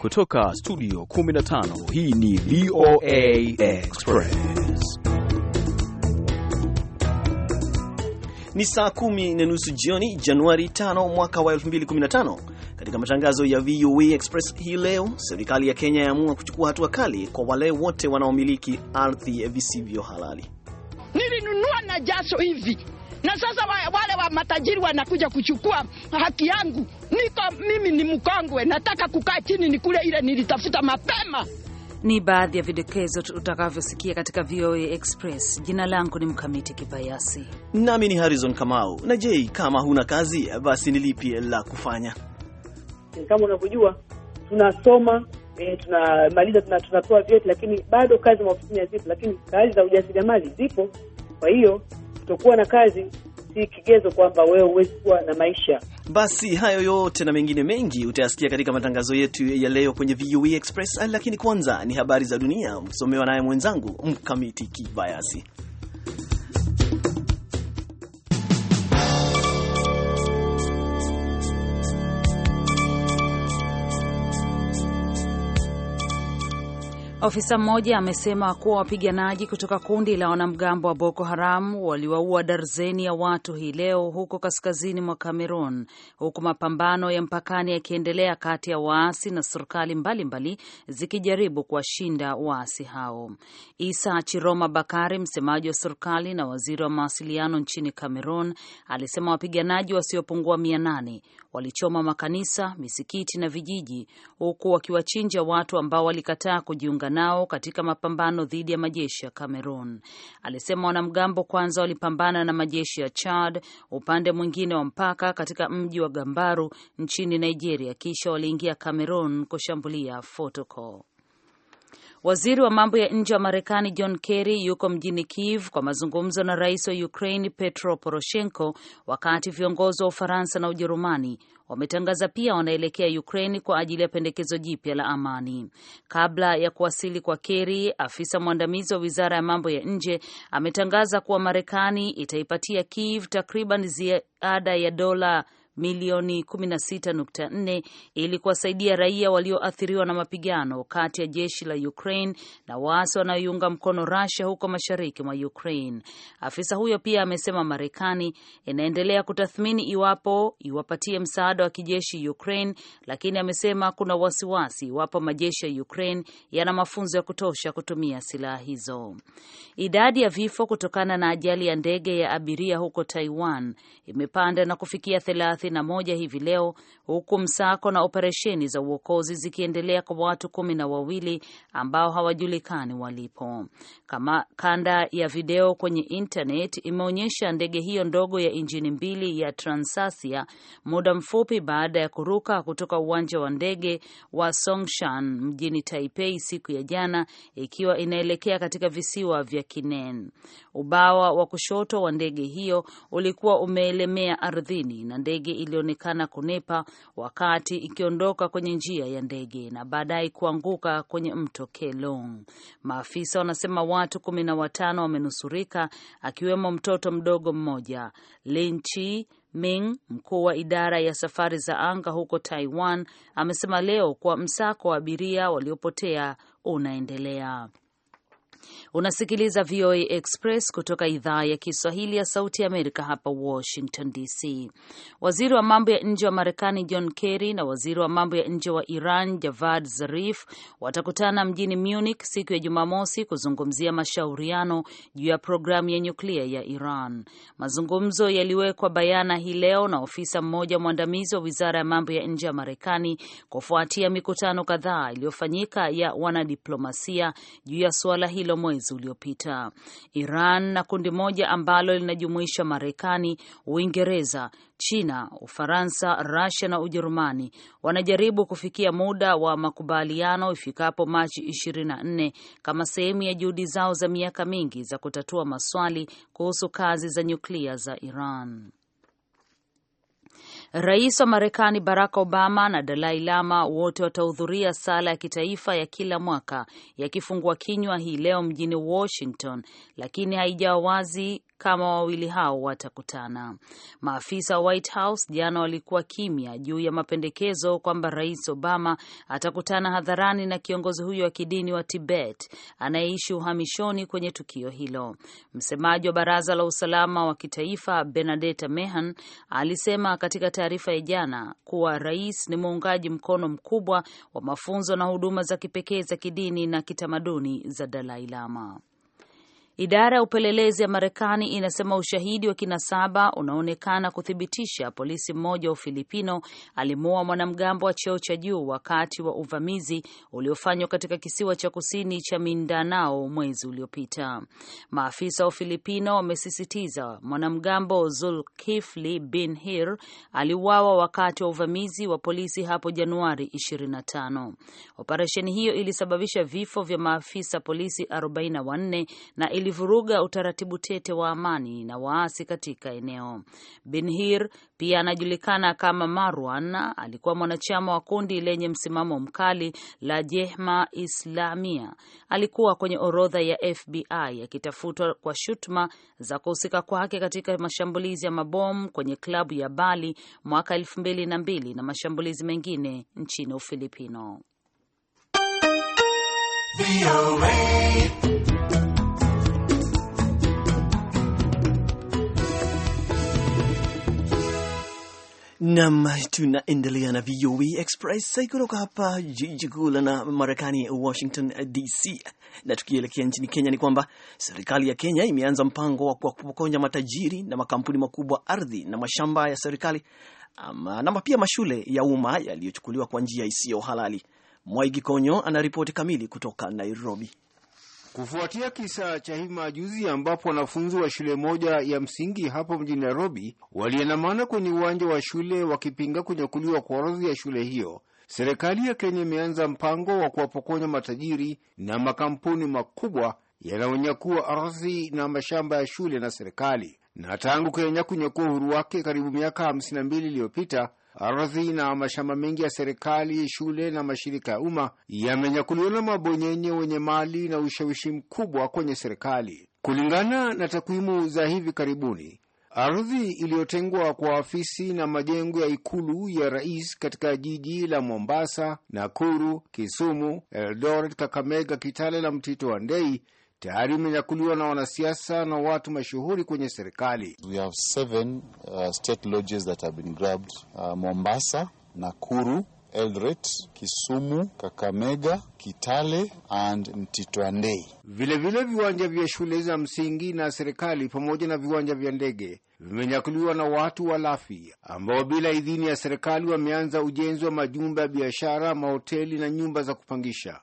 Kutoka studio 15 hii ni VOA Express. Ni saa kumi na nusu jioni Januari 5 mwaka wa 2015. Katika matangazo ya VOA Express hii leo, serikali ya Kenya yaamua kuchukua hatua kali kwa wale wote wanaomiliki ardhi visivyo halali. Nilinunua na jaso hivi na sasa wale wa matajiri wanakuja kuchukua haki yangu. Niko mimi ni mkongwe, nataka kukaa chini nikule ile nilitafuta mapema. Ni baadhi ya vidokezo utakavyosikia katika VOA Express. Jina langu ni Mkamiti Kibayasi, nami ni Harrison Kamau. Na je, kama huna kazi, basi ni lipi la kufanya? Eh, kama unavyojua tunasoma E, tunamaliza tuna, tunapewa vyeti lakini bado kazi maofisini hazipo, lakini kazi za ujasiriamali zipo. Kwa hiyo kutokuwa na kazi si kigezo kwamba wewe huwezi kuwa na maisha. Basi hayo yote na mengine mengi utayasikia katika matangazo yetu ya leo kwenye VOA e Express, lakini kwanza ni habari za dunia, msomewa naye mwenzangu Mkamiti Kibayasi. Ofisa mmoja amesema kuwa wapiganaji kutoka kundi la wanamgambo wa Boko Haram waliwaua darzeni ya watu hii leo huko kaskazini mwa Cameroon, huku mapambano ya mpakani yakiendelea kati ya waasi na serikali mbalimbali zikijaribu kuwashinda waasi hao. Isa Chiroma Bakari, msemaji wa serikali na waziri wa mawasiliano nchini Cameroon, alisema wapiganaji wasiopungua mia nane walichoma makanisa, misikiti na vijiji, huku wakiwachinja watu ambao walikataa kujiunga nao katika mapambano dhidi ya majeshi ya Cameroon. Alisema wanamgambo kwanza walipambana na majeshi ya Chad upande mwingine wa mpaka katika mji wa Gambaru nchini Nigeria, kisha waliingia Cameroon kushambulia Fotokol. Waziri wa mambo ya nje wa Marekani John Kerry yuko mjini Kiev kwa mazungumzo na rais wa Ukraini Petro Poroshenko, wakati viongozi wa Ufaransa na Ujerumani wametangaza pia wanaelekea ukrain kwa ajili ya pendekezo jipya la amani. Kabla ya kuwasili kwa Kerry, afisa mwandamizi wa wizara ya mambo ya nje ametangaza kuwa Marekani itaipatia Kiev takriban ziada ya dola milioni 16.4 ili kuwasaidia raia walioathiriwa na mapigano kati ya jeshi la Ukraine na waasi wanaoiunga mkono Russia huko mashariki mwa Ukraine. Afisa huyo pia amesema Marekani inaendelea kutathmini iwapo iwapatie msaada wa kijeshi Ukraine, lakini amesema kuna wasiwasi iwapo wasi majeshi ya Ukraine yana mafunzo ya kutosha kutumia silaha hizo. Idadi ya vifo kutokana na ajali ya ndege ya abiria huko Taiwan imepanda na kufikia 31 hivi leo, huku msako na operesheni za uokozi zikiendelea kwa watu kumi na wawili ambao hawajulikani walipo. Kama kanda ya video kwenye internet imeonyesha ndege hiyo ndogo ya injini mbili ya Transasia muda mfupi baada ya kuruka kutoka uwanja wa ndege wa Songshan mjini Taipei siku ya jana ikiwa inaelekea katika visiwa vya Kinen. Ubawa wa kushoto wa ndege hiyo ulikuwa umeelemea ardhini na ndege ndege ilionekana kunepa wakati ikiondoka kwenye njia ya ndege na baadaye kuanguka kwenye mto Kelong. Maafisa wanasema watu kumi na watano wamenusurika akiwemo mtoto mdogo mmoja. Linchi Ming, mkuu wa idara ya safari za anga huko Taiwan, amesema leo kuwa msako wa abiria waliopotea unaendelea. Unasikiliza VOA Express kutoka idhaa ya Kiswahili ya Sauti ya Amerika hapa Washington DC. Waziri wa mambo ya nje wa Marekani John Kerry na waziri wa mambo ya nje wa Iran Javad Zarif watakutana mjini Munich siku ya Jumamosi kuzungumzia mashauriano juu ya programu ya nyuklia ya Iran. Mazungumzo yaliwekwa bayana hii leo na ofisa mmoja mwandamizi wa wizara ya mambo ya nje ya Marekani kufuatia mikutano kadhaa iliyofanyika ya wanadiplomasia juu ya suala hilo hilo mwezi uliopita. Iran na kundi moja ambalo linajumuisha Marekani, Uingereza, China, Ufaransa, rasia na Ujerumani wanajaribu kufikia muda wa makubaliano ifikapo Machi 24 kama sehemu ya juhudi zao za miaka mingi za kutatua maswali kuhusu kazi za nyuklia za Iran. Rais wa Marekani Barack Obama na Dalai Lama wote watahudhuria sala ya kitaifa ya kila mwaka ya kifungua kinywa hii leo mjini Washington, lakini haijawa wazi kama wawili hao watakutana. Maafisa wa White House jana walikuwa kimya juu ya mapendekezo kwamba Rais Obama atakutana hadharani na kiongozi huyo wa kidini wa Tibet anayeishi uhamishoni kwenye tukio hilo. Msemaji wa Baraza la Usalama wa Kitaifa Benadeta Mehan alisema katika taarifa ya jana kuwa rais ni muungaji mkono mkubwa wa mafunzo na huduma za kipekee za kidini na kitamaduni za Dalai Lama. Idara ya upelelezi ya Marekani inasema ushahidi wa kinasaba unaonekana kuthibitisha polisi mmoja wa Ufilipino alimuua mwanamgambo wa cheo cha juu wakati wa uvamizi uliofanywa katika kisiwa cha kusini cha Mindanao mwezi uliopita. Maafisa wa Ufilipino wamesisitiza mwanamgambo Zulkifli Bin Hir aliuawa wakati wa uvamizi wa polisi hapo Januari 25. Operesheni hiyo ilisababisha vifo vya maafisa polisi 44 na ili ulivuruga utaratibu tete wa amani na waasi katika eneo. binhir pia anajulikana kama Marwan, alikuwa mwanachama wa kundi lenye msimamo mkali la Jehma Islamia. Alikuwa kwenye orodha ya FBI akitafutwa kwa shutuma za kuhusika kwake katika mashambulizi ya mabomu kwenye klabu ya Bali mwaka elfu mbili na mbili na mashambulizi mengine nchini Ufilipino. Nam, tunaendelea na VOA e Express eh, kutoka hapa jiji kuu la Marekani, Washington eh, DC. Na tukielekea nchini Kenya, ni kwamba serikali ya Kenya imeanza mpango wa kuwapokonya matajiri na makampuni makubwa ardhi na mashamba ya serikali ama, na pia mashule ya umma yaliyochukuliwa kwa njia isiyo halali. Mwaigi Konyo ana ripoti kamili kutoka Nairobi. Kufuatia kisa cha hivi majuzi ambapo wanafunzi wa shule moja ya msingi hapo mjini Nairobi waliandamana kwenye uwanja wa shule wakipinga kunyakuliwa kwa ardhi ya shule hiyo, serikali ya Kenya imeanza mpango wa kuwapokonya matajiri na makampuni makubwa yanayonyakua ardhi na mashamba ya shule na serikali. Na tangu Kenya kunyakua uhuru wake karibu miaka 52 iliyopita ardhi na mashamba mengi ya serikali, shule na mashirika ya umma yamenyakuliwa na mabonyenye wenye mali na ushawishi mkubwa kwenye serikali. Kulingana na takwimu za hivi karibuni, ardhi iliyotengwa kwa afisi na majengo ya ikulu ya rais katika jiji la Mombasa, Nakuru, Kisumu, Eldoret, Kakamega, Kitale na Mtito wa Ndei tayari imenyakuliwa na wanasiasa na watu mashuhuri kwenye serikali. We have seven, uh, state lodges that have been grabbed. Uh, Mombasa, Nakuru, Eldoret, Kisumu, Kakamega, Kitale and Mtitwandei. Vilevile viwanja vya shule za msingi na serikali pamoja na viwanja vya ndege vimenyakuliwa na watu walafi ambao bila idhini ya serikali wameanza ujenzi wa majumba ya biashara, mahoteli na nyumba za kupangisha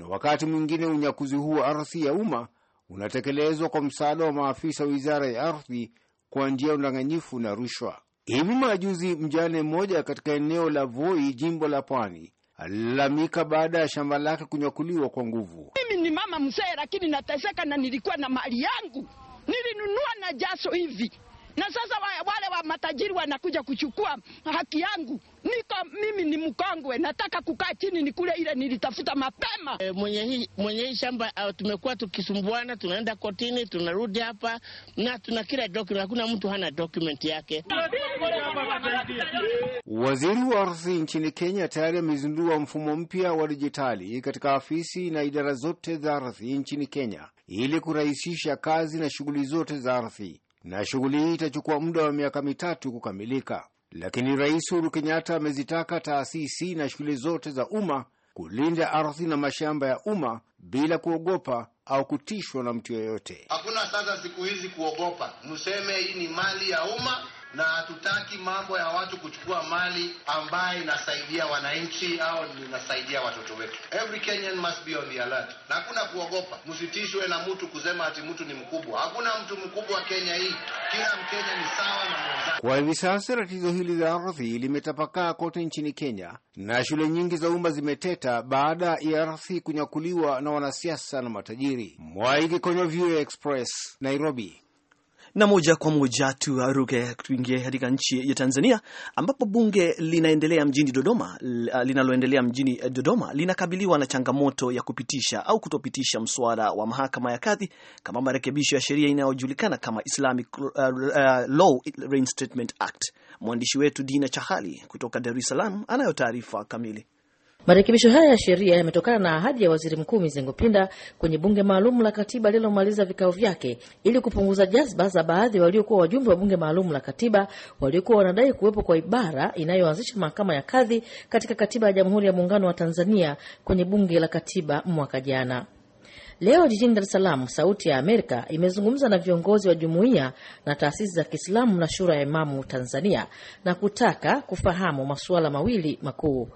na wakati mwingine unyakuzi huu wa ardhi ya umma unatekelezwa kwa msaada wa maafisa wa wizara ya ardhi kwa njia ya udanganyifu na rushwa. Hivi majuzi, mjane mmoja katika eneo la Voi, jimbo la Pwani, alilalamika baada ya shamba lake kunyakuliwa kwa nguvu. Mimi ni mama mzee, lakini nateseka na nilikuwa na mali yangu nilinunua na jaso hivi, na sasa wale wa matajiri wanakuja kuchukua haki yangu niko mimi ni mkongwe, nataka kukaa chini nikule ile nilitafuta mapema. E, mwenye hii mwenye hii shamba ah, tumekuwa tukisumbuana, tunaenda kotini, tunarudi hapa na tuna kila document, hakuna mtu hana document yake. Waziri wa ardhi nchini Kenya tayari amezindua mfumo mpya wa dijitali katika afisi na idara zote za ardhi nchini Kenya ili kurahisisha kazi na shughuli zote za ardhi, na shughuli hii itachukua muda wa miaka mitatu kukamilika lakini Rais Uhuru Kenyatta amezitaka taasisi na shule zote za umma kulinda ardhi na mashamba ya umma bila kuogopa au kutishwa na mtu yoyote. Hakuna sasa siku hizi kuogopa, mseme hii ni mali ya umma na hatutaki mambo ya watu kuchukua mali ambayo inasaidia wananchi au inasaidia watoto wetu. Every Kenyan must be on the alert, na hakuna kuogopa. Msitishwe na mtu kusema ati mtu ni mkubwa. Hakuna mtu mkubwa Kenya hii, kila Mkenya ni sawa na mwenzake. Kwa hivi sasa tatizo hili la ardhi limetapakaa kote nchini Kenya, na shule nyingi za umma zimeteta baada ya ardhi kunyakuliwa na wanasiasa na matajiri. Mwaiki kwenye VOA Express, Nairobi. Na moja kwa moja tuaruke tuingie katika nchi ya Tanzania ambapo bunge linaendelea mjini Dodoma, linaloendelea mjini eh, Dodoma linakabiliwa na changamoto ya kupitisha au kutopitisha mswada wa mahakama ya kadhi kama marekebisho ya sheria inayojulikana kama Islamic Law Reinstatement Act. Mwandishi wetu Dina Chahali kutoka Dar es Salaam anayo taarifa kamili. Marekebisho haya ya sheria yametokana na ahadi ya Waziri Mkuu Mizengo Pinda kwenye Bunge Maalum la Katiba lililomaliza vikao vyake ili kupunguza jazba za baadhi waliokuwa wajumbe wa Bunge Maalum la Katiba waliokuwa wanadai kuwepo kwa ibara inayoanzisha mahakama ya kadhi katika Katiba ya Jamhuri ya Muungano wa Tanzania kwenye Bunge la Katiba mwaka jana. Leo jijini Dar es Salaam, Sauti ya Amerika imezungumza na viongozi wa jumuiya na taasisi za Kiislamu na Shura ya Imamu Tanzania na kutaka kufahamu masuala mawili makuu.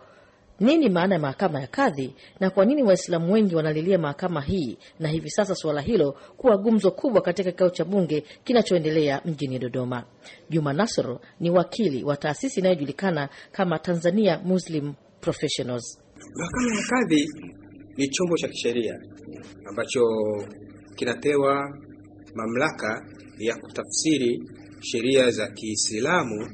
Nini maana ya mahakama ya kadhi na kwa nini Waislamu wengi wanalilia mahakama hii na hivi sasa suala hilo kuwa gumzo kubwa katika kikao cha bunge kinachoendelea mjini Dodoma? Juma Nasoro ni wakili wa taasisi inayojulikana kama Tanzania Muslim Professionals. Mahakama ya kadhi ni chombo cha kisheria ambacho kinapewa mamlaka ya kutafsiri sheria za Kiislamu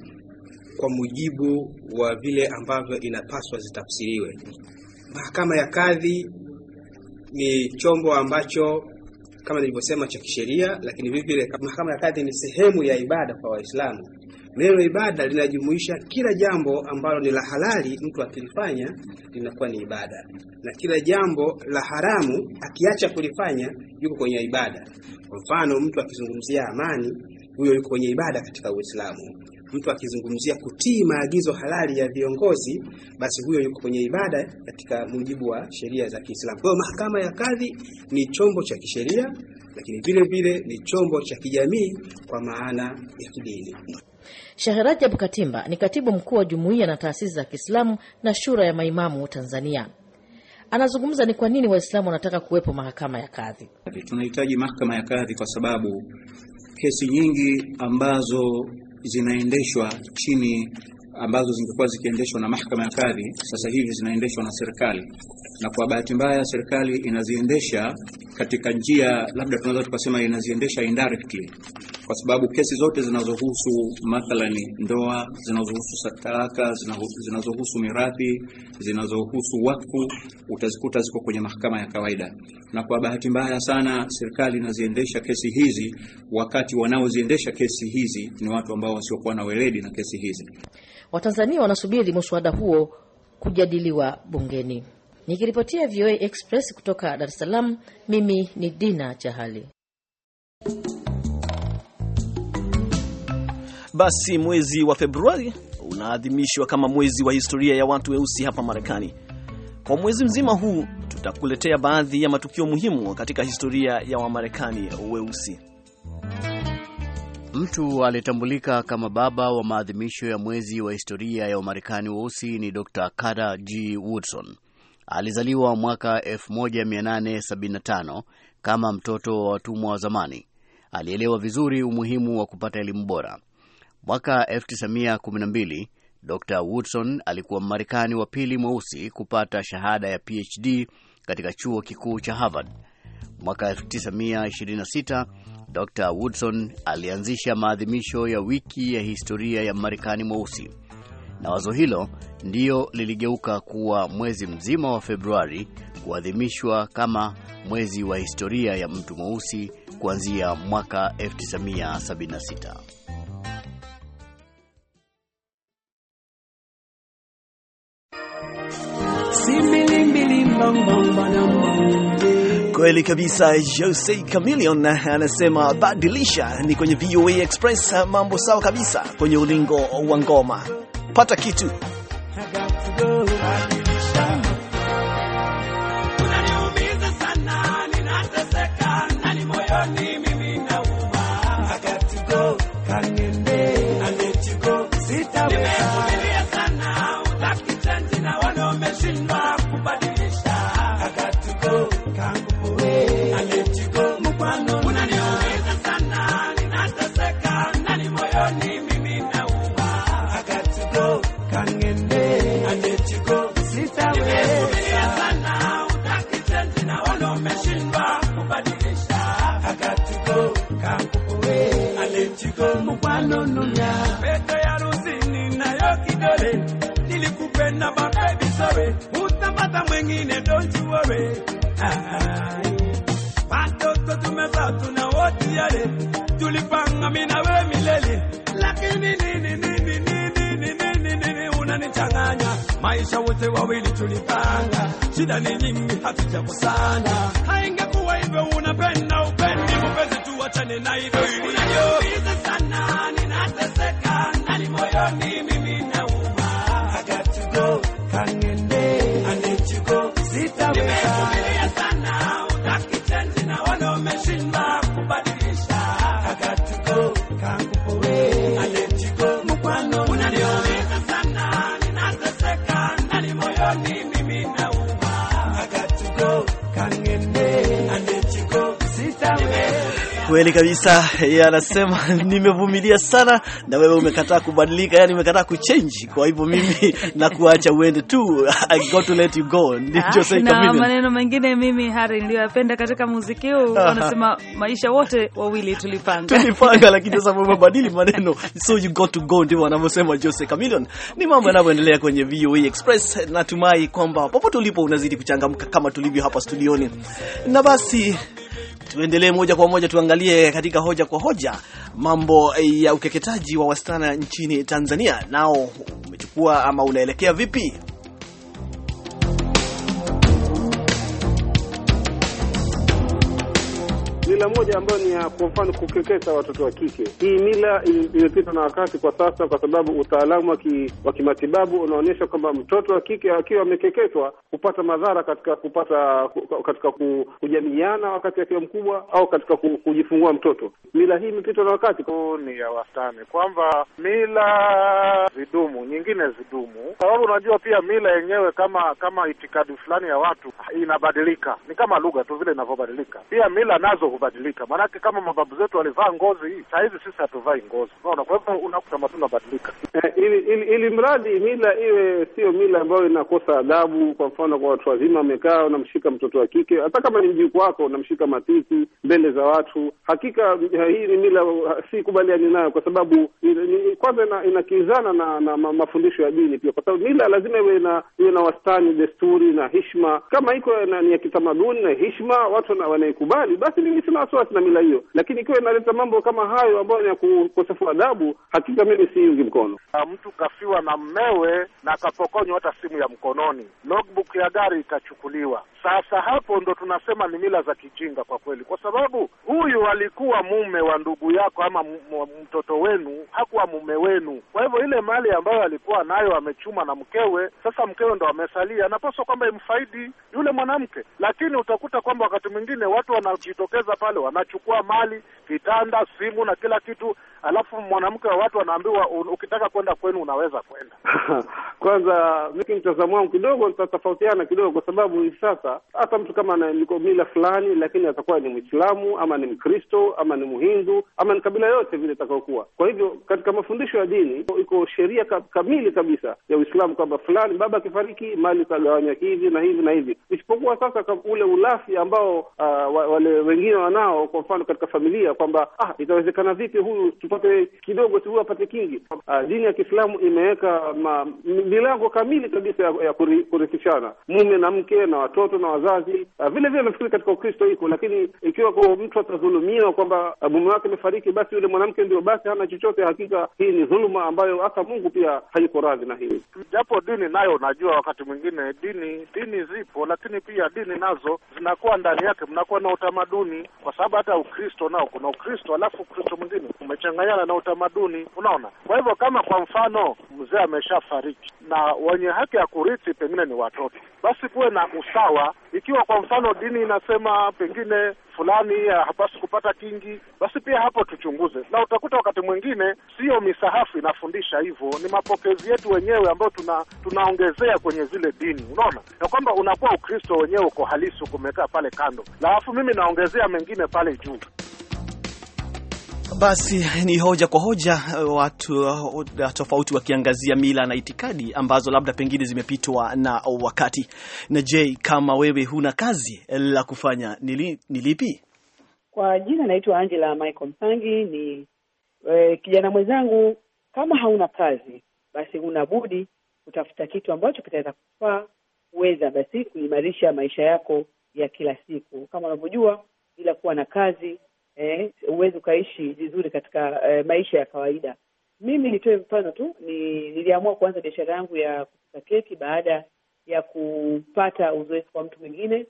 kwa mujibu wa vile ambavyo inapaswa zitafsiriwe. Mahakama ya kadhi ni chombo ambacho kama nilivyosema cha kisheria, lakini vile vile mahakama ya kadhi ni sehemu ya ibada kwa Waislamu. Neno ibada linajumuisha kila jambo ambalo ni la halali, mtu akilifanya linakuwa ni ibada, na kila jambo la haramu akiacha kulifanya yuko kwenye ibada. Kwa mfano, mtu akizungumzia amani, huyo yuko kwenye ibada katika Uislamu mtu akizungumzia kutii maagizo halali ya viongozi, basi huyo yuko kwenye ibada katika mujibu wa sheria za Kiislamu. Kwa hiyo mahakama ya kadhi ni chombo cha kisheria, lakini vile vile ni chombo cha kijamii kwa maana ya kidini. Sheikh Rajab Katimba ni katibu mkuu wa jumuiya na taasisi za Kiislamu na shura ya maimamu Tanzania. Anazungumza ni kwa nini Waislamu wanataka kuwepo mahakama ya kadhi. Tunahitaji mahakama ya kadhi kwa sababu kesi nyingi ambazo zinaendeshwa chini ambazo zingekuwa zikiendeshwa na mahakama ya kadhi, sasa hivi zinaendeshwa na serikali, na kwa bahati mbaya serikali inaziendesha katika njia, labda tunaweza tukasema inaziendesha indirectly, kwa sababu kesi zote zinazohusu mathalani ndoa, zinazohusu talaka, zinazohusu mirathi, zinazohusu wakfu utazikuta ziko kwenye mahakama ya kawaida, na kwa bahati mbaya sana serikali inaziendesha kesi hizi, wakati wanaoziendesha kesi hizi ni watu ambao wasiokuwa na weledi na kesi hizi. Watanzania wanasubiri mswada huo kujadiliwa bungeni. Nikiripotia VOA Express kutoka Dar es Salaam, mimi ni Dina Chahali. Basi mwezi wa Februari unaadhimishwa kama mwezi wa historia ya watu weusi hapa Marekani. Kwa mwezi mzima huu tutakuletea baadhi ya matukio muhimu katika historia ya Wamarekani weusi. Mtu aliyetambulika kama baba wa maadhimisho ya mwezi wa historia ya Wamarekani weusi ni Dr. Carter G. Woodson. Alizaliwa mwaka 1875 kama mtoto wa watumwa wa zamani. Alielewa vizuri umuhimu wa kupata elimu bora. Mwaka 1912 Dr Woodson alikuwa Mmarekani wa pili mweusi kupata shahada ya PhD katika chuo kikuu cha Harvard. Mwaka 1926 Dr Woodson alianzisha maadhimisho ya wiki ya historia ya Mmarekani mweusi, na wazo hilo ndiyo liligeuka kuwa mwezi mzima wa Februari kuadhimishwa kama mwezi wa historia ya mtu mweusi kuanzia mwaka 1976. Kweli kabisa, Jose Chameleon anasema badilisha. Ni kwenye VOA Express, mambo sawa kabisa kwenye ulingo wa ngoma, pata kitu maisha wote wawili tulipanga, shida ni nyingi hatujakusana. Haingekuwa hivyo, unapenda upendi, mpenzi, tuachane na hivyo. Unaniumiza sana, ninateseka ndani moyoni, mimi nauma. I got to go, kangende, I need to go, sitaweza Kweli kabisa, yeye anasema nimevumilia sana na wewe umekataa kubadilika, yani umekataa kuchange, kwa hivyo mimi na kuacha uende tu, I got to let you go. Ah, ndio sasa kama maneno mengine mimi hari niliyoyapenda katika muziki huu, wanasema maisha wote wawili tulipanga tulipanga, lakini sasa umebadili maneno, so you got to go, ndio wanavyosema Jose Chameleone. Ni mambo yanavyoendelea kwenye VOA e Express. Natumai kwamba popote ulipo unazidi kuchangamka kama tulivyo hapa studioni, na basi Tuendelee moja kwa moja, tuangalie katika hoja kwa hoja mambo ya ukeketaji wa wasichana nchini Tanzania, nao umechukua ama unaelekea vipi? Mila moja ambayo ni ya kwa mfano kukeketa watoto wa kike, hii mila imepitwa na wakati kwa sasa, kwa sababu utaalamu wa kimatibabu unaonyesha kwamba mtoto wa kike akiwa amekeketwa hupata madhara katika kupata katika kujamiiana wakati akiwa mkubwa au katika kujifungua mtoto. Mila hii imepitwa na wakati, ni ya wastani, kwamba mila zidumu, nyingine zidumu, sababu unajua pia mila yenyewe kama kama itikadi fulani ya watu inabadilika, ni kama lugha tu vile inavyobadilika, pia mila nazo kubadilika, maanake kama mababu zetu walivaa ngozi hii, saa hizi sisi hatuvai ngozi, unaona. Kwa hivyo unakuta matunda badilika, eh, ili, ili, mradi mila iwe sio mila ambayo inakosa adabu. Kwa mfano, kwa watu wazima wamekaa, unamshika mtoto wa kike, hata kama ni mjukuu wako, unamshika matiti mbele za watu. Hakika eh, hii ni mila, eh, si kubaliani nayo, kwa sababu kwanza inakinzana na, na mafundisho ya dini pia, kwa sababu mila lazima iwe na iwe na wastani, desturi na heshima. Kama iko ni ya kitamaduni na heshima, watu wanaikubali, basi mimi sina wasiwasi na mila hiyo, lakini ikiwa inaleta mambo kama hayo ambayo ni ya kukosefu adabu, hakika mimi siungi mkono. Na mtu kafiwa na mmewe na akapokonywa hata simu ya mkononi, logbook ya gari ikachukuliwa. Sasa hapo ndo tunasema ni mila za kijinga kwa kweli, kwa sababu huyu alikuwa mume wa ndugu yako ama mtoto wenu, hakuwa mume wenu. Kwa hivyo ile mali ambayo alikuwa nayo amechuma na mkewe, sasa mkewe ndo amesalia, anapaswa kwamba imfaidi yule mwanamke, lakini utakuta kwamba wakati mwingine watu wanajitokeza pale, wanachukua mali, vitanda, simu na kila kitu, alafu mwanamke wa watu anaambiwa ukitaka kwenda kwenu unaweza kwenda. Kwanza mimi mtazamo wangu kidogo nitatofautiana kidogo, kwa sababu hivi sasa hata mtu kama ana mila fulani, lakini atakuwa ni Mwislamu ama ni Mkristo ama ni muhindu ama ni kabila yote vile itakayokuwa. Kwa hivyo katika mafundisho ya dini iko sheria kamili kabisa ya Uislamu kwamba fulani baba akifariki mali itagawanywa hivi na hivi na hivi, isipokuwa sasa ule ulafi ambao uh, wale wengine wanao, kwa mfano katika familia kwamba ah, itawezekana vipi huyu tupate kidogo tu apate kingi. Uh, dini ya Kiislamu imeweka milango kamili kabisa ya, ya kurithishana mume na mke na watoto na wazazi. Uh, vile vile nafikiri katika Ukristo iko, lakini ikiwa kwa mtu atadhulumiwa kwamba uh, mume wake amefariki, basi yule mwanamke ndio basi hana chochote. Hakika hii ni dhuluma ambayo hata Mungu pia hayuko radhi na hii, japo dini nayo unajua, wakati mwingine dini dini zipo, lakini pia dini nazo zinakuwa ndani yake, mnakuwa na utamaduni, kwa sababu hata Ukristo nao kuna Ukristo alafu Ukristo mwingine umechanga kuchanganyana na utamaduni, unaona. Kwa hivyo kama kwa mfano mzee ameshafariki na wenye haki ya kurithi pengine ni watoto, basi kuwe na usawa. Ikiwa kwa mfano dini inasema pengine fulani eh, hapasi kupata kingi, basi pia hapo tuchunguze, na utakuta wakati mwingine sio misahafu inafundisha hivyo, ni mapokezi yetu wenyewe ambayo tuna tunaongezea kwenye zile dini, unaona ya kwamba unakuwa Ukristo wenyewe uko halisi, ukumekaa pale kando, na alafu mimi naongezea mengine pale juu. Basi ni hoja kwa hoja, uh, watu uh, uh, tofauti wakiangazia mila na itikadi ambazo labda pengine zimepitwa na wakati. Na je, kama wewe huna kazi la kufanya nili, nilipi? Kwa jina naitwa Angela Michael Msangi. Ni e, kijana mwenzangu, kama hauna kazi basi huna budi kutafuta kitu ambacho kitaweza kufaa uweza basi kuimarisha maisha yako ya kila siku. Kama unavyojua, bila kuwa na kazi Eh, huwezi eh, ukaishi vizuri katika eh, maisha ya kawaida. Mimi nitoe mfano tu ni, niliamua kuanza biashara yangu ya kupika keki baada ya kupata uzoefu kwa mtu mwingine.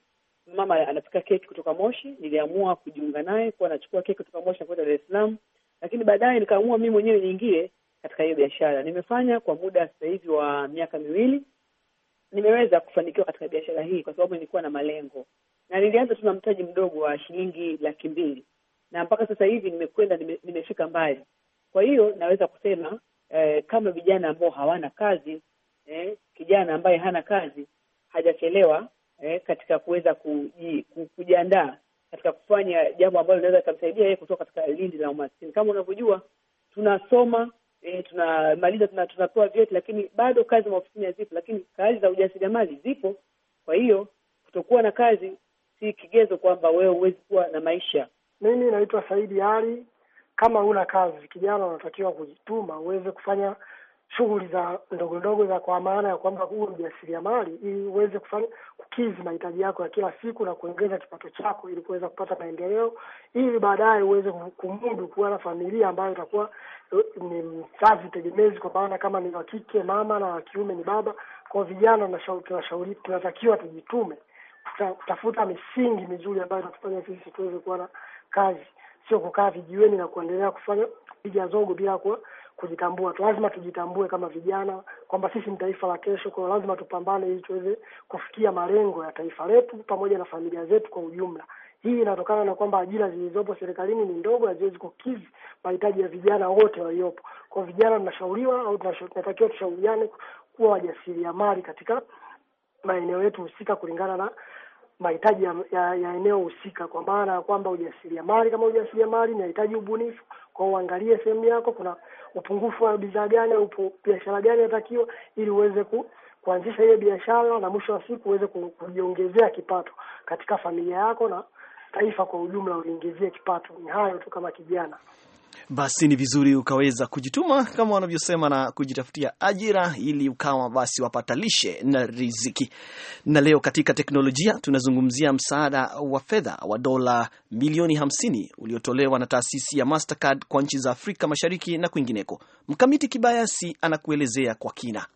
Mama anapika keki kutoka Moshi, niliamua kujiunga naye kuwa anachukua keki kutoka Moshi na kwenda Dar es Salaam, lakini baadaye nikaamua mimi mwenyewe niingie katika hiyo biashara. Nimefanya kwa muda sasa hivi wa miaka miwili, nimeweza kufanikiwa katika biashara hii kwa sababu nilikuwa na malengo, na nilianza tu na mtaji mdogo wa shilingi laki mbili na mpaka sasa hivi nimekwenda nimefika mbali. Kwa hiyo naweza kusema eh, kama vijana ambao hawana kazi eh, kijana ambaye hana kazi hajachelewa eh, katika kuweza kujiandaa katika kufanya jambo ambalo linaweza ikamsaidia yeye kutoka katika lindi la umaskini. Kama unavyojua tunasoma eh, tunamaliza tuna, tunapewa vyeti lakini bado kazi maofisini hazipo, lakini kazi za ujasiriamali zipo. Kwa hiyo kutokuwa na kazi si kigezo kwamba wewe huwezi kuwa na maisha. Mimi naitwa Saidi Ali. Kama una kazi, kijana, unatakiwa kujituma uweze kufanya shughuli za ndogo ndogo za kwa maana ya kwamba huo mjasiriamali, ili uweze kufanya kukizi mahitaji yako ya kila siku na kuongeza kipato chako, ili kuweza kupata maendeleo, ili baadaye uweze kumudu kuwa na familia ambayo itakuwa eh, ni mzazi tegemezi, kwa maana kama ni wakike mama na wakiume ni baba. Kwa vijana, tunashauri tunatakiwa tujitume, kutafuta misingi mizuri ambayo itatufanya sisi tuweze kuwa na kazi, sio kukaa vijiweni na kuendelea kufanya piga zogo bila ku, kujitambua tu. Lazima tujitambue kama vijana kwamba sisi ni taifa la kesho, kwa lazima tupambane ili tuweze kufikia malengo ya taifa letu pamoja na familia zetu kwa ujumla. Hii inatokana na kwamba ajira zilizopo serikalini ni ndogo, haziwezi kukidhi mahitaji ya vijana wote waliopo. Kwa vijana, tunashauriwa au tunatakiwa tushauriane kuwa wajasiriamali katika maeneo yetu husika kulingana na mahitaji ya, ya, ya eneo husika, kwa maana ya kwamba ujasiriamali. Kama ujasiriamali inahitaji ubunifu, kwa uangalie sehemu yako kuna upungufu wa bidhaa gani upo biashara gani inatakiwa, ili uweze ku, kuanzisha ile biashara na mwisho wa siku uweze kujiongezea kipato katika familia yako na taifa kwa ujumla, uliingizie kipato. Ni hayo tu kama kijana basi ni vizuri ukaweza kujituma kama wanavyosema na kujitafutia ajira ili ukawa basi wapatalishe na riziki. Na leo katika teknolojia tunazungumzia msaada wa fedha wa dola milioni 50 uliotolewa na taasisi ya Mastercard kwa nchi za Afrika Mashariki na kwingineko. Mkamiti Kibayasi anakuelezea kwa kina.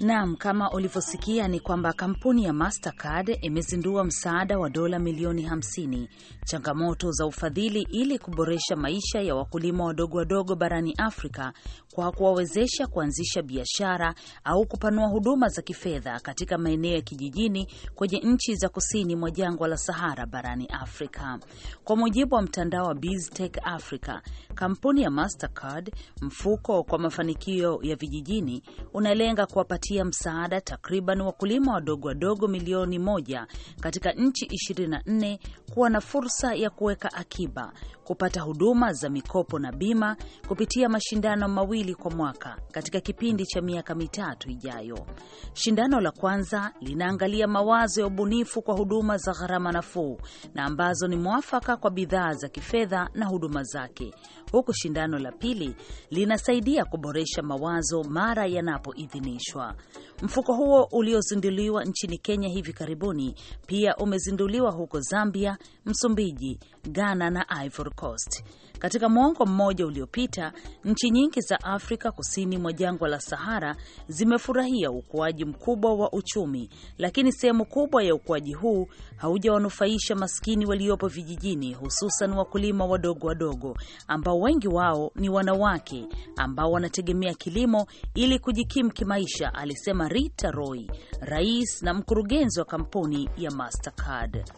Naam, kama ulivyosikia ni kwamba kampuni ya Mastercard imezindua msaada wa dola milioni 50 changamoto za ufadhili ili kuboresha maisha ya wakulima wadogo wadogo barani Afrika kwa kuwawezesha kuanzisha biashara au kupanua huduma za kifedha katika maeneo ya kijijini kwenye nchi za kusini mwa jangwa la Sahara barani Afrika. Kwa mujibu wa mtandao wa BizTech Africa, kampuni ya Mastercard, mfuko kwa mafanikio ya vijijini, unalenga kuwapatia kuwapatia msaada takriban wakulima wadogo wadogo milioni moja katika nchi 24 kuwa na fursa ya kuweka akiba kupata huduma za mikopo na bima kupitia mashindano mawili kwa mwaka katika kipindi cha miaka mitatu ijayo. Shindano la kwanza linaangalia mawazo ya ubunifu kwa huduma za gharama nafuu na ambazo ni mwafaka kwa bidhaa za kifedha na huduma zake, huku shindano la pili linasaidia kuboresha mawazo mara yanapoidhinishwa. Mfuko huo uliozinduliwa nchini Kenya hivi karibuni pia umezinduliwa huko Zambia, Msumbiji, Ghana na Ivory Coast. Katika mwongo mmoja uliopita, nchi nyingi za Afrika kusini mwa jangwa la Sahara zimefurahia ukuaji mkubwa wa uchumi, lakini sehemu kubwa ya ukuaji huu haujawanufaisha maskini waliopo vijijini, hususan wakulima wadogo wadogo ambao wengi wao ni wanawake ambao wanategemea kilimo ili kujikimu kimaisha, alisema Rita Roy, rais na mkurugenzi wa kampuni ya Mastercard.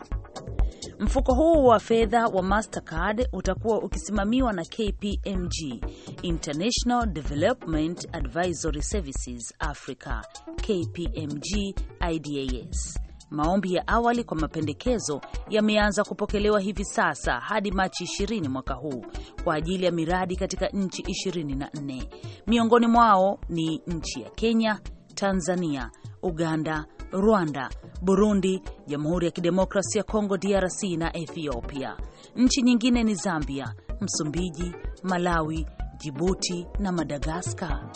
Mfuko huu wa fedha wa Mastercard utakuwa ukisimamiwa na KPMG, International Development Advisory Services Africa, KPMG IDAS. Maombi ya awali kwa mapendekezo yameanza kupokelewa hivi sasa hadi Machi 20 mwaka huu kwa ajili ya miradi katika nchi 24. Miongoni mwao ni nchi ya Kenya, Tanzania, Uganda, Rwanda, Burundi, Jamhuri ya Kidemokrasia ya Kongo DRC na Ethiopia. Nchi nyingine ni Zambia, Msumbiji, Malawi, Jibuti na Madagaskar.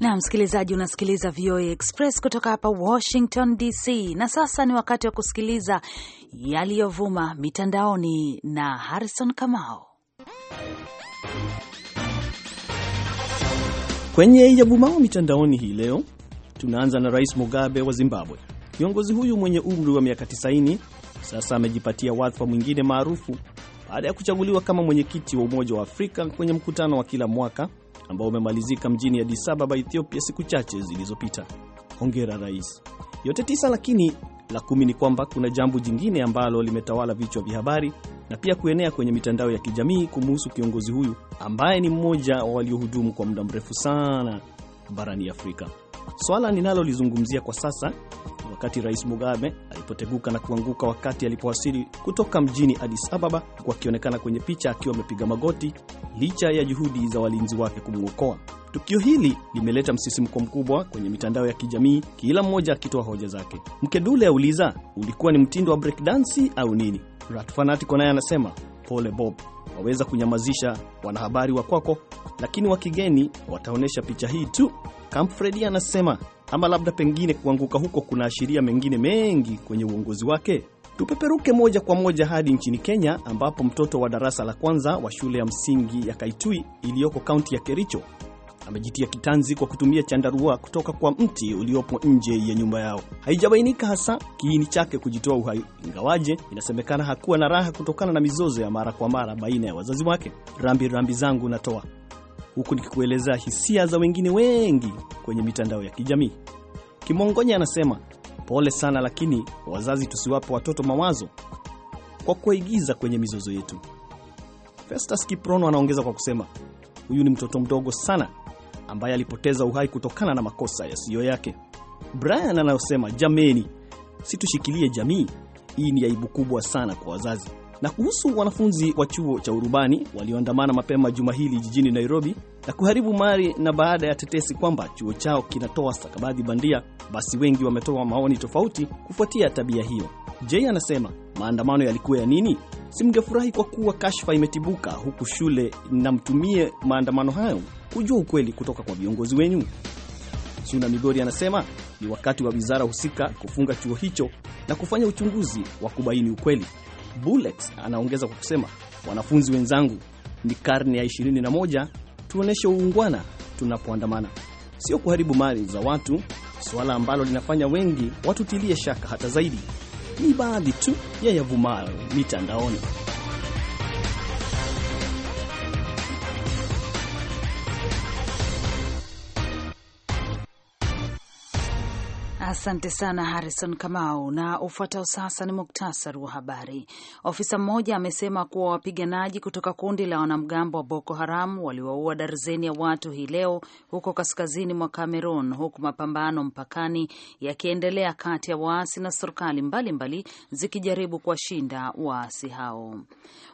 Na msikilizaji, unasikiliza VOA Express kutoka hapa Washington DC, na sasa ni wakati wa kusikiliza yaliyovuma mitandaoni na Harrison Kamao. Kwenye yavumao mitandaoni hii leo, tunaanza na Rais Mugabe wa Zimbabwe. Kiongozi huyu mwenye umri wa miaka 90 sasa amejipatia wadhifa mwingine maarufu baada ya kuchaguliwa kama mwenyekiti wa Umoja wa Afrika kwenye mkutano wa kila mwaka ambao umemalizika mjini Addis Ababa, Ethiopia, siku chache zilizopita. Hongera rais. Yote tisa, lakini la kumi ni kwamba kuna jambo jingine ambalo limetawala vichwa vya habari na pia kuenea kwenye mitandao ya kijamii kumuhusu kiongozi huyu ambaye ni mmoja wa waliohudumu kwa muda mrefu sana barani Afrika. Swala ninalolizungumzia kwa sasa ni wakati Rais Mugabe alipoteguka na kuanguka wakati alipowasili kutoka mjini Addis Ababa, huku akionekana kwenye picha akiwa amepiga magoti licha ya juhudi za walinzi wake kumwokoa. Tukio hili limeleta msisimko mkubwa kwenye mitandao ya kijamii, kila mmoja akitoa hoja zake. Mkedule auliza, ulikuwa ni mtindo wa breakdansi au nini? Ratfanatico naye anasema pole Bob, waweza kunyamazisha wanahabari wa kwako, lakini wa kigeni wataonyesha picha hii tu kamfredi anasema ama labda pengine kuanguka huko kunaashiria mengine mengi kwenye uongozi wake. Tupeperuke moja kwa moja hadi nchini Kenya ambapo mtoto wa darasa la kwanza wa shule ya msingi ya Kaitui iliyoko kaunti ya Kericho amejitia kitanzi kwa kutumia chandarua kutoka kwa mti uliopo nje ya nyumba yao. Haijabainika hasa kiini chake kujitoa uhai, ingawaje inasemekana hakuwa na raha kutokana na mizozo ya mara kwa mara baina ya wazazi wake. Rambi rambi zangu natoa huku nikikueleza hisia za wengine wengi kwenye mitandao ya kijamii. Kimongonya anasema pole sana, lakini wazazi tusiwape watoto mawazo kwa kuwaigiza kwenye mizozo yetu. Festus Kiprono anaongeza kwa kusema huyu ni mtoto mdogo sana ambaye alipoteza uhai kutokana na makosa yasiyo yake. Brian anayosema jameni, situshikilie jamii, hii ni aibu kubwa sana kwa wazazi. Na kuhusu wanafunzi wa chuo cha urubani walioandamana mapema juma hili jijini Nairobi na kuharibu mali, na baada ya tetesi kwamba chuo chao kinatoa stakabadhi bandia, basi wengi wametoa maoni tofauti kufuatia tabia hiyo. Jay anasema maandamano yalikuwa ya nini? simgefurahi kwa kuwa kashfa imetibuka huku shule, namtumie maandamano hayo kujua ukweli kutoka kwa viongozi wenyu. Suna Migori anasema ni wakati wa wizara husika kufunga chuo hicho na kufanya uchunguzi wa kubaini ukweli. Bullets anaongeza kwa kusema, wanafunzi wenzangu, ni karne ya 21, tuoneshe uungwana tunapoandamana, sio kuharibu mali za watu, suala ambalo linafanya wengi watutilie shaka hata zaidi. Ni baadhi tu ya yavumayo mitandaoni. Asante sana Harrison Kamau. Na ufuatao sasa ni muktasari wa habari. Ofisa mmoja amesema kuwa wapiganaji kutoka kundi la wanamgambo wa Boko Haram waliwaua darzeni ya watu hii leo huko kaskazini mwa Cameroon, huku mapambano mpakani yakiendelea kati ya waasi na serikali mbalimbali zikijaribu kuwashinda waasi hao.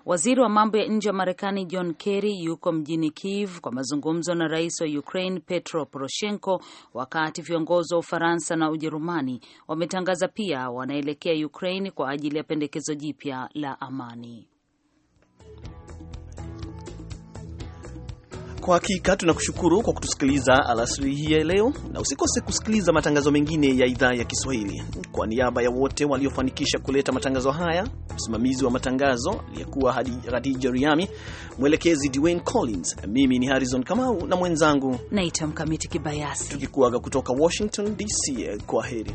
Waziri wa mambo ya nje wa Marekani John Kerry yuko mjini Kiev kwa mazungumzo na rais wa Ukraine Petro Poroshenko, wakati viongozi wa Ufaransa na Ujerumani wametangaza pia wanaelekea Ukraine kwa ajili ya pendekezo jipya la amani. Kwa hakika tunakushukuru kwa kutusikiliza alasiri hii ya leo, na usikose kusikiliza matangazo mengine ya idhaa ya Kiswahili. Kwa niaba ya wote waliofanikisha kuleta matangazo haya, msimamizi wa matangazo aliyekuwa Hadija Riami, mwelekezi Dwayne Collins, mimi ni Harrison Kamau na mwenzangu naitwa Mkamiti Kibayasi, tukikuaga kutoka Washington DC. Kwa heri.